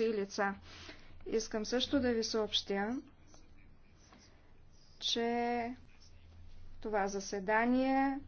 лица. Искам също да ви съобщя, че това заседание